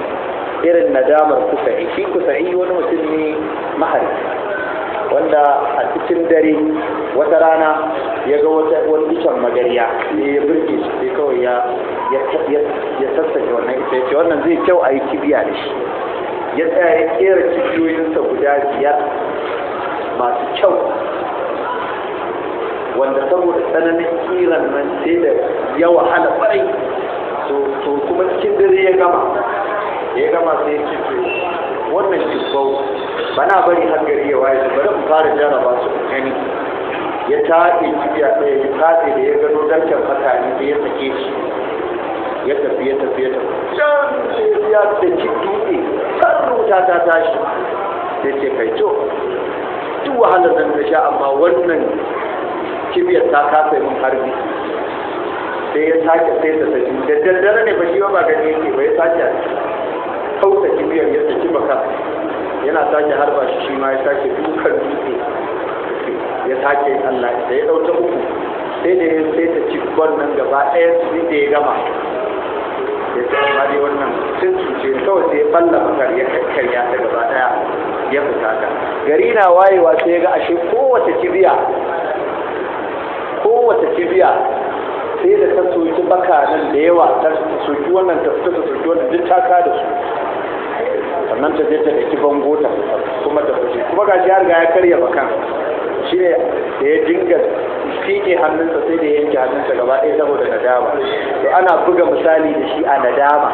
irin nadamar kufa'i shi kufa'i wani mutum ne mahari wanda a cikin dare wata rana ya ga wani icen magariya ne ya birge kawai ya sassake wannan ita ya ce wannan zai kyau a yi kibiya da shi ya tsaya ya kera cibiyoyinsa guda biyar masu kyau wanda saboda tsananin kiran nan sai da ya wahala kwarai to kuma cikin dare ya gama ya gama sai ya ce wannan jibbau bana bari har ya waye bari mu fara jaraba su kani ya taɗe kibiya ɗaya ya taɗe da ya gano dankan mutane da ya sake shi ya tafi ya tafi ya tafi can sai ya da ki dutse kan ruta ta tashi sai ce kai to duk wahalar nan da sha amma wannan kibiyar ta kasa yin harbi sai ya sake sai ta tafi da daddare ne ba shi ba gani yake ba ya sake kauta kibiyar ya saki maka yana sake harba shi shi ma ya sake dukan dutse ya sake Allah da ya ɗauta uku sai da ya sai ta ci wannan gaba ɗaya su da ya gama da ya amma dai wannan sun cuce kawai sai ya balla bakar ya karya ta gaba daya ya fita ta gari na wayewa sai ya ga ashe kowace kibiya kowace kibiya sai da ta soki baka nan da yawa ta soki wannan ta fita ta soki wannan duk ta ka da su sannan ta je ta daki bango ta kuma ta fice kuma ga shi har ga ya karya bakan shi ne da ya dinga fiƙe hannunsa sai da yanke hannunsa gaba ɗaya saboda nadama to ana buga misali da shi a nadama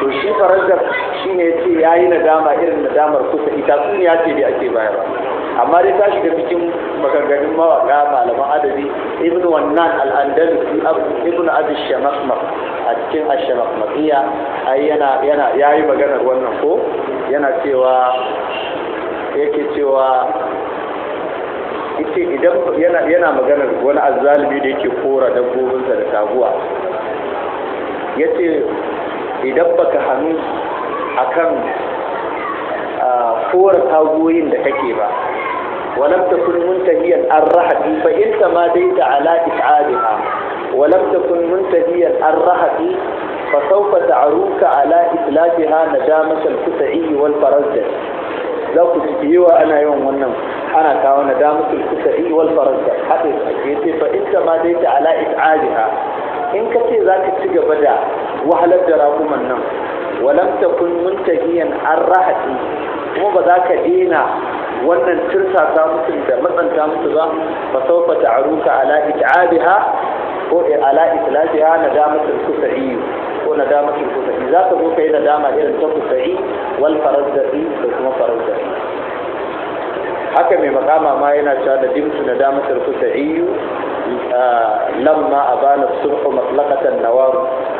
to shi farajar shi ne ce ya yi nadama irin nadamar kusa ita sun ya ce da ake bayarwa amma dai ta shiga cikin maganganun mawaka malaman adadi, ibnu wannan al'andalusi ibnu abi shamakmak a cikin ashamakmakiya ai yana maganar wannan ko yana cewa yake cewa yace idan yana yana maganar wani azzalimi da yake kora dabbobinsa da taguwa yace idan baka hannu akan kora tagoyin da kake ba ولم تكن منتهيا عن رهتي فإن تماديت على إسعادها ولم تكن منتهيا عن رهتي فسوف تعروك على إتلافها ندامة الكسعي والفرزدق za ku ci yawa ana yawan wannan ana kawo na damatul kusa'i wal faransa haɗe su ake ce fa inda ma dai ta ala it'aliha in ka ce za ka ci gaba da wahalar da rakuman nan walam takun muntahiyan an rahaɗi, kuma ba za ka dena wannan tirsasa musu da matsanta musu ba fa sawfa ta'aruka ala it'abiha ko ala itlabiha na damatul kusa'i ko nadamatul za ka zo ka nadama irin ta kusa'i wal farazdari da kuma farazdari haka mai makama ma yana cewa da dimtu nadamatul kusa'i lamma abana sulhu matlaqatan nawar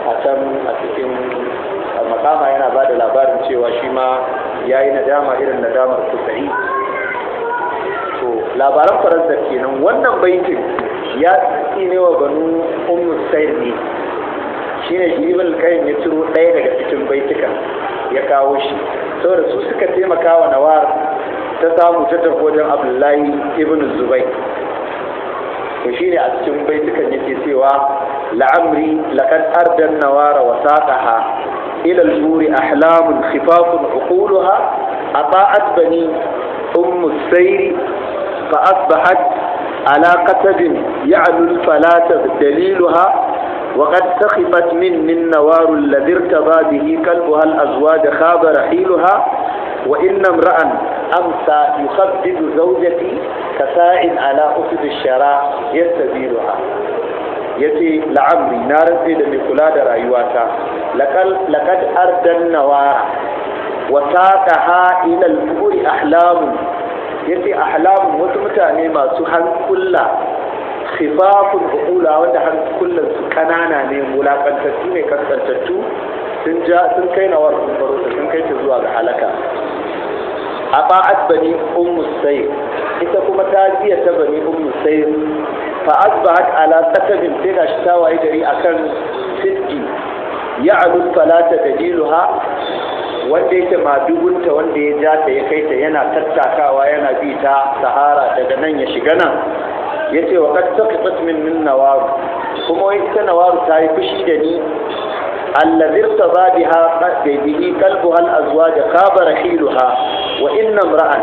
a can a cikin makama yana ba da labarin cewa shi ma ya yi nadama irin nadamar kusa'i to labaran farazdar kenan wannan baitin ya tsinewa banu ummu ne shine shi ibn al ya ciro ɗaya daga cikin baituka ya kawo shi saboda su suka taimaka wa nawar ta samu ta tafi wajen abdullahi ibn zubai to shine a cikin baitukan yake cewa la'amri laqad arda nawara wa saqaha ila al-buri ahlamun khifafun uquluha ata'at bani ummu sayri fa asbahat ala qatabin ya'lu al daliluha وقد سخفت من من نوار الذي ارتضى به كلبها الأزواج خاب رحيلها وإن امرأ أمسى يخبز زوجتي كساء على أفد الشراء يستزيلها يتي لعمري نار الزيد اللي كلا در لقد أرد النوار وساقها إلى البور أحلام يتي أحلام وتمتاني ما سحن كلها khifafun hukula wanda har kullum su kanana ne wulakantattu ne kasantattu sun ja sun kai na wasu baro sun kai ta zuwa ga halaka a ba'at bani ummu sayyid ita kuma ta biya ta bani ummu sayyid fa asbahat ala sakabin sai gashi ta waye gari akan sidqi ya'lu salata daliluha wanda yake dubunta wanda ya ja ta ya kai ta yana tattakawa yana bi ta sahara daga nan ya shiga nan ya ce wa kan taƙiƙat min min nawaru kuma wai ta nawaru ta yi fushi da ni allazir ta ba bi ha bihi kalbu hal azwa da kaba ha, wa inna ra'an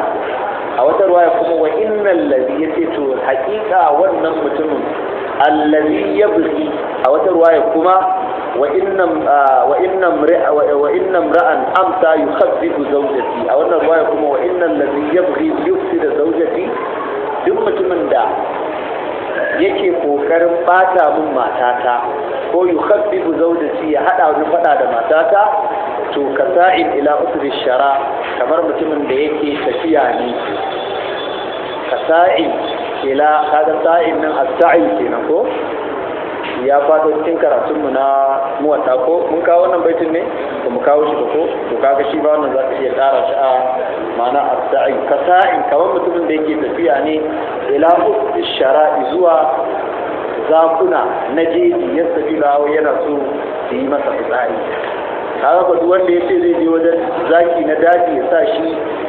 a wata ruwaya kuma wa inna allazi ya ce to haƙiƙa wannan mutumin allazi ya bulki a wata ruwaya kuma wa inna wa inna ra'an amsa yukhazzibu zawjati a wannan ruwaya kuma wa inna allazi yabghi da zawjati duk mutumin da yake kokarin bata min matata ko yukhaffifu zawjati ya haɗa ni faɗa da matata to kasa'in ila usri shara kamar mutumin da yake tafiya ne kasa'in ila kaga sa'in nan a sa'in ko ya faɗo cikin karatun mu na muwatta ko mun kawo wannan baitin ne ko mu kawo shi ba ko to kaga shi ba wannan zaka iya tsara shi a ma'ana asa'in kasa'in kamar mutumin da yake tafiya ne ila shara'i zuwa zakuna na jeji ya sabi lawo yana so su yi masa fitsari kaga ko wanda ya zai je wajen zaki na daji ya sa shi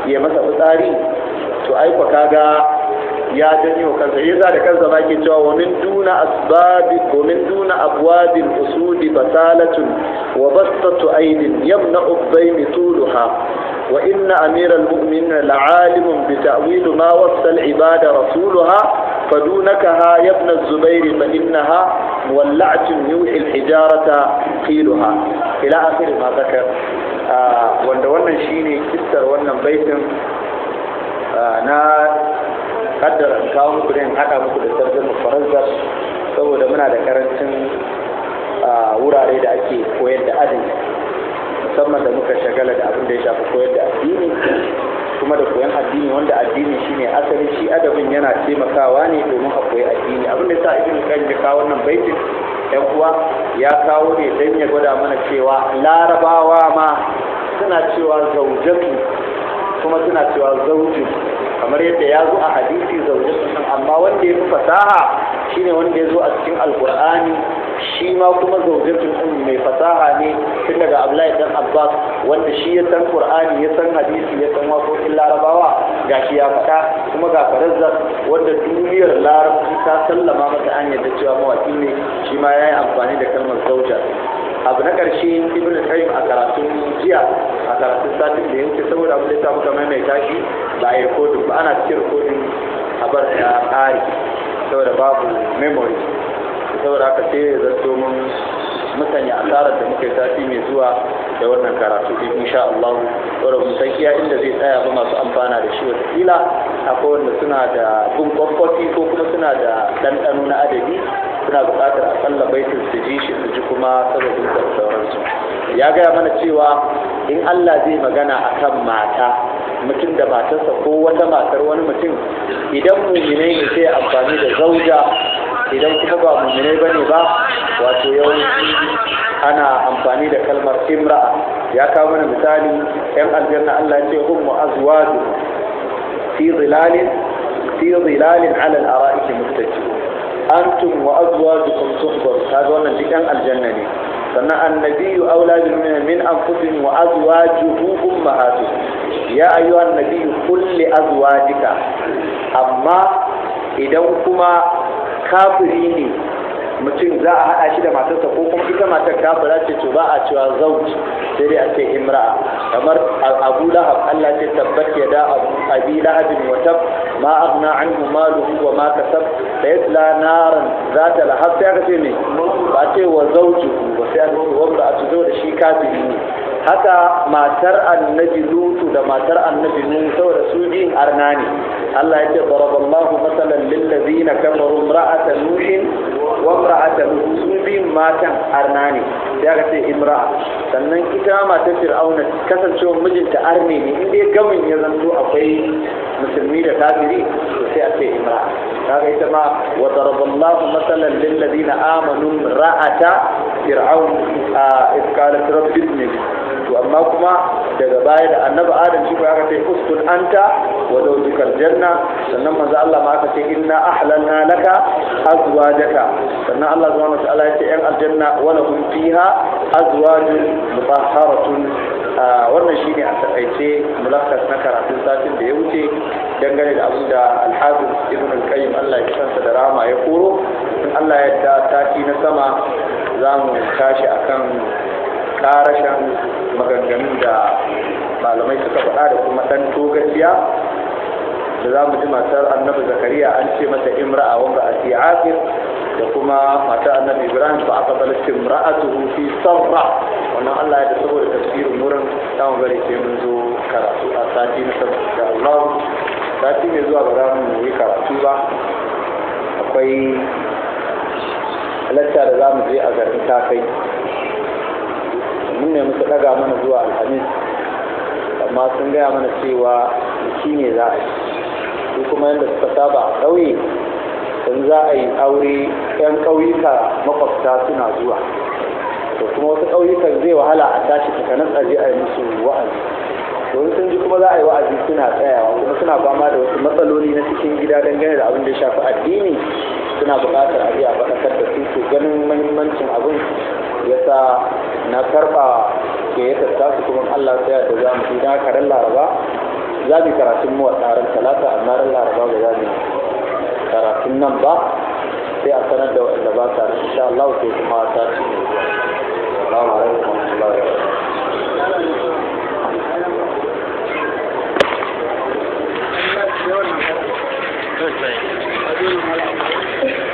ya masa fitsari to ai kaga ya janyo kansa yasa da kansa ma ke cewa wa min duna asbabi wa duna abwabil usudi basalatun wa bastatu aidin yamna'u bayni tuluha wa inna amiral mu'minina la'alimun bi ta'wil ma wasa al-ibada rasuluha فدونكها يا ابن الزبير فإنها مولعة يوحي الحجارة قيلها إلى آخر ما ذكر wanda wannan shine kissar wannan baitin ah, na kaddara in kawo muku da in haɗa muku da tarjamar faransa saboda muna da karancin wurare da ake koyar da adini musamman da muka shagala da abin da ya shafi koyar da addini kuma da koyan addini wanda addini shine asali shi adabin yana taimakawa ne domin a koyi addini abin da sa ibn kan ya kawo wannan baitin yan uwa ya kawo ne don ya gwada mana cewa larabawa ma suna cewa zaujatu kuma suna cewa zaujin kamar yadda ya zo a hadisi zaune amma wanda ya fi fasaha shine wanda ya zo a cikin alkur'ani shi ma kuma su sun mai fasaha ne tun daga Abdullahi dan Abbas wanda shi ya san Qur'ani ya san hadisi ya san waƙoƙin Larabawa shi ya faɗa kuma ga Farazzaq wanda duniyar Larabci ta sallama mata an yadda cewa mawaki ne shi ma yi amfani da kalmar zauja abu na ƙarshe ibn qayyim a karatun jiya a karatun satin da yake saboda abin da ta muka mai shi ba a rikodi ba ana cikin rikodin a bar ya ƙari saboda babu memory saboda aka ce ya zato mun yi asarar da muka yi sati mai zuwa da wannan karatu in sha Allah wadda mu san iya inda zai tsaya ba masu amfana da shi wata kila akwai wanda suna da bin kwakwafi ko kuma suna da ɗanɗano na adabi suna buƙatar kalla baitin su ji shi su ji kuma sababin da sauransu ya gaya mana cewa in Allah zai magana a kan mata mutum da matarsa ko wata matar wani mutum idan muminai ne sai amfani da zauja idan kuma ba mummune ne ba wato yawanci ana amfani da kalmar imra'a, ya kawo mana misali yan aljanna Allah ya ce hum azwaju fi zilalin fi zilalin ala al-ara'ik muttajin antum wa azwajukum tuhbar kaga wannan duk yan aljanna ne sannan annabiyu aula bil min anfusihim wa azwajuhu ummahatuhum ya ayyuhan nabiyyu qul li azwajika amma idan kuma kafiri ne mutum za a haɗa shi da matarsa ko kuma ita matar kafira ce to ba a cewa zauji sai dai a ce imra'a kamar abu lahab allah ce tabbat ya da abi lahabin wa tab ma aghna anhu maluhu wa ma kasab da yasla naran za ta lahab sai aka ce me ba ce wa zauji ba sai aka ce wanda a ci da shi kafiri ne haka matar annabi lutu da matar annabi nuhu saboda su biyun arna ne Allah ya ce daraballahu masalan lil ladina kafaru imra'atan nuhin wamra'ata su biyun matan arna ne sai aka ce imra'a sannan ita matar fir'auna kasancewar mijinta arni ne inda ya gamin ya zanto akwai musulmi da kafiri to sai a ce imra'a kaga ita ma wa daraballahu masalan lil ladina amanu ra'ata fir'aun a iskalat rabbi amma kuma daga baya da annabi adam shi ko aka ce uskun anta wa zawjukal janna sannan manzo Allah ma aka ce inna ahlalna laka azwajaka sannan Allah subhanahu wa ta'ala ya ce yan aljanna wa lahum fiha azwajun mutahharatun wannan shi ne a takaice mulakas na karatun satin da ya wuce dangane da abin da alhazin ibn al-qayyim Allah ya kansa da rama ya koro in Allah ya ta sati na sama za mu tashi akan karashen maganganun da malamai suka faɗa da kuma ɗan togaciya da za mu ji matar annabi zakariya an ce mata imra'a wanda a ti'afir da kuma matar annabi ibrahim ba aka bala timra'atuhu hufi, sarra wannan allah ya da saboda tafsirin wurin ta bari ce mun zo karatu a sati na sabbin da allah sati mai zuwa ba za mu yi karatu ba akwai halatta da za mu je a garin takai mun ne muka daga mana zuwa alhamis amma sun gaya mana cewa shi ne za a yi su kuma yadda suka saba a ƙauye sun za a yi aure 'yan ƙauyuka makwabta suna zuwa to kuma wasu ƙauyuka zai wahala a tashi tsakanin aje a yi musu wa'azi domin sun ji kuma za a yi wa'azi suna tsayawa kuma suna fama da wasu matsaloli na cikin gida dangane da abin da ya shafi addini suna buƙatar a je a faɗakar da su ganin mahimmancin abin yasa na karɓa ke ya su kuma Allah ta da za mu idan karen laraba za mu karatun mu a tsarin talata amma ran laraba ba za mu karatun nan ba sai a sanar da wanda ba ta insha Allah sai kuma ta ci Assalamu alaikum